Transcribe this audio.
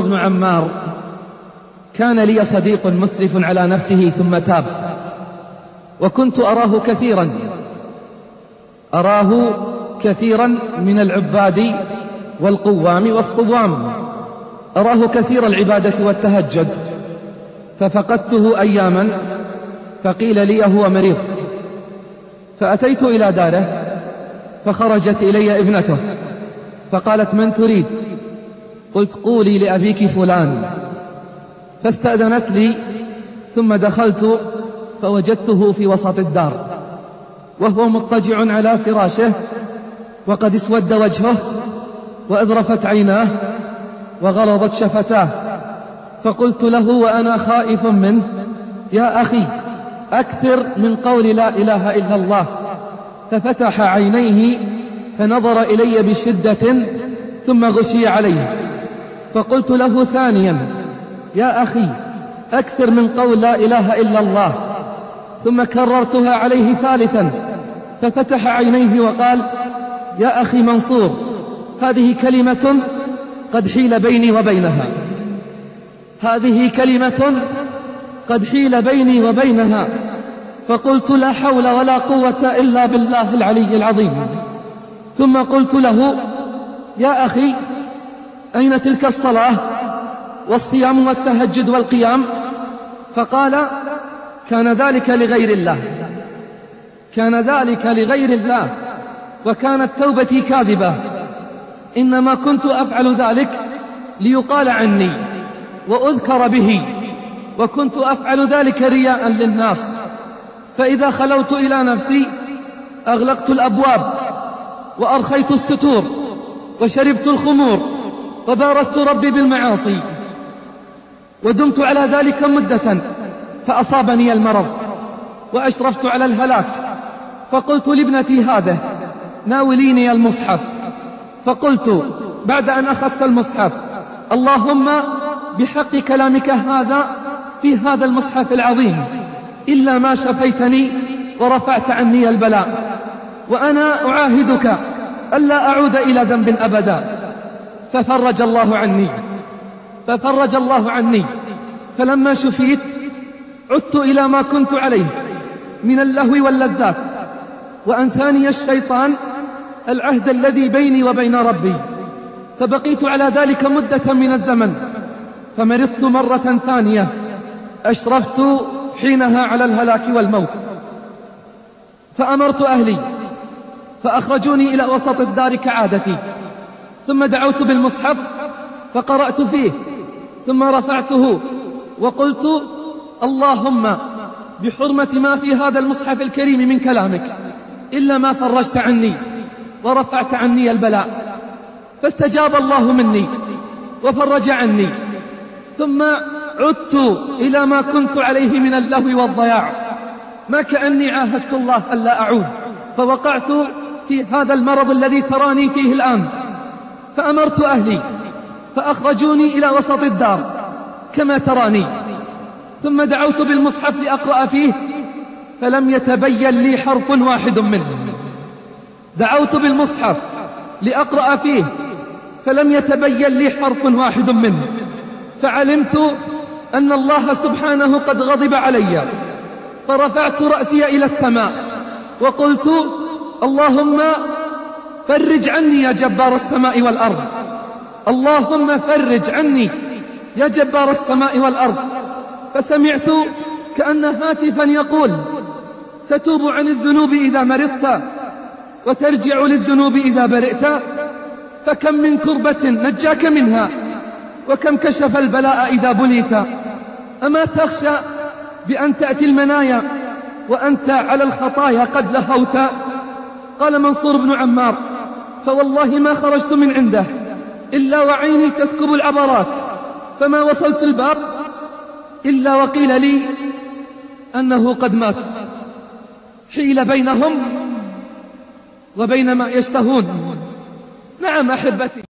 ابن عمار كان لي صديق مسرف على نفسه ثم تاب وكنت أراه كثيرا أراه كثيرا من العباد والقوام والصوام أراه كثير العبادة والتهجد ففقدته أياما فقيل لي هو مريض فأتيت إلى داره فخرجت إلي ابنته فقالت من تريد؟ قلت قولي لأبيك فلان فاستأذنت لي ثم دخلت فوجدته في وسط الدار وهو مضطجع على فراشه وقد اسود وجهه وأذرفت عيناه وغلظت شفتاه فقلت له وأنا خائف منه يا أخي أكثر من قول لا إله إلا الله ففتح عينيه فنظر إلي بشدة ثم غشي عليه فقلت له ثانيا يا أخي أكثر من قول لا إله إلا الله ثم كررتها عليه ثالثا ففتح عينيه وقال يا أخي منصور هذه كلمة قد حيل بيني وبينها هذه كلمة قد حيل بيني وبينها فقلت لا حول ولا قوة إلا بالله العلي العظيم ثم قلت له يا أخي أين تلك الصلاة والصيام والتهجد والقيام فقال كان ذلك لغير الله كان ذلك لغير الله وكانت توبتي كاذبة إنما كنت أفعل ذلك ليقال عني وأذكر به وكنت أفعل ذلك رياء للناس فإذا خلوت إلى نفسي أغلقت الأبواب وأرخيت الستور وشربت الخمور وبارزت ربي بالمعاصي ودمت على ذلك مدة فأصابني المرض وأشرفت على الهلاك فقلت لابنتي هذا ناوليني المصحف فقلت بعد أن أخذت المصحف اللهم بحق كلامك هذا في هذا المصحف العظيم إلا ما شفيتني ورفعت عني البلاء وأنا أعاهدك ألا أعود إلى ذنب أبدا ففرج الله عني ففرج الله عني فلما شفيت عدت إلى ما كنت عليه من اللهو واللذات وأنساني الشيطان العهد الذي بيني وبين ربي فبقيت على ذلك مدة من الزمن فمرضت مرة ثانية أشرفت حينها على الهلاك والموت فأمرت أهلي فأخرجوني إلى وسط الدار كعادتي ثم دعوت بالمصحف فقرأت فيه ثم رفعته وقلت اللهم بحرمة ما في هذا المصحف الكريم من كلامك إلا ما فرجت عني ورفعت عني البلاء فاستجاب الله مني وفرج عني ثم عدت إلى ما كنت عليه من اللهو والضياع ما كأني عاهدت الله ألا أعود فوقعت في هذا المرض الذي تراني فيه الآن فأمرت أهلي فأخرجوني إلى وسط الدار كما تراني ثم دعوت بالمصحف لأقرأ فيه فلم يتبين لي حرف واحد منه دعوت بالمصحف لأقرأ فيه فلم يتبين لي حرف واحد منه فعلمت أن الله سبحانه قد غضب علي فرفعت رأسي إلى السماء وقلت اللهم فرج عني يا جبار السماء والأرض اللهم فرج عني يا جبار السماء والأرض فسمعت كأن هاتفا يقول تتوب عن الذنوب إذا مرضت وترجع للذنوب إذا برئت فكم من كربة نجاك منها وكم كشف البلاء إذا بليت أما تخشى بأن تأتي المنايا وأنت على الخطايا قد لهوت قال منصور بن عمار فوالله ما خرجت من عنده إلا وعيني تسكب العبرات فما وصلت الباب إلا وقيل لي أنه قد مات حيل بينهم وبين ما يشتهون نعم أحبتي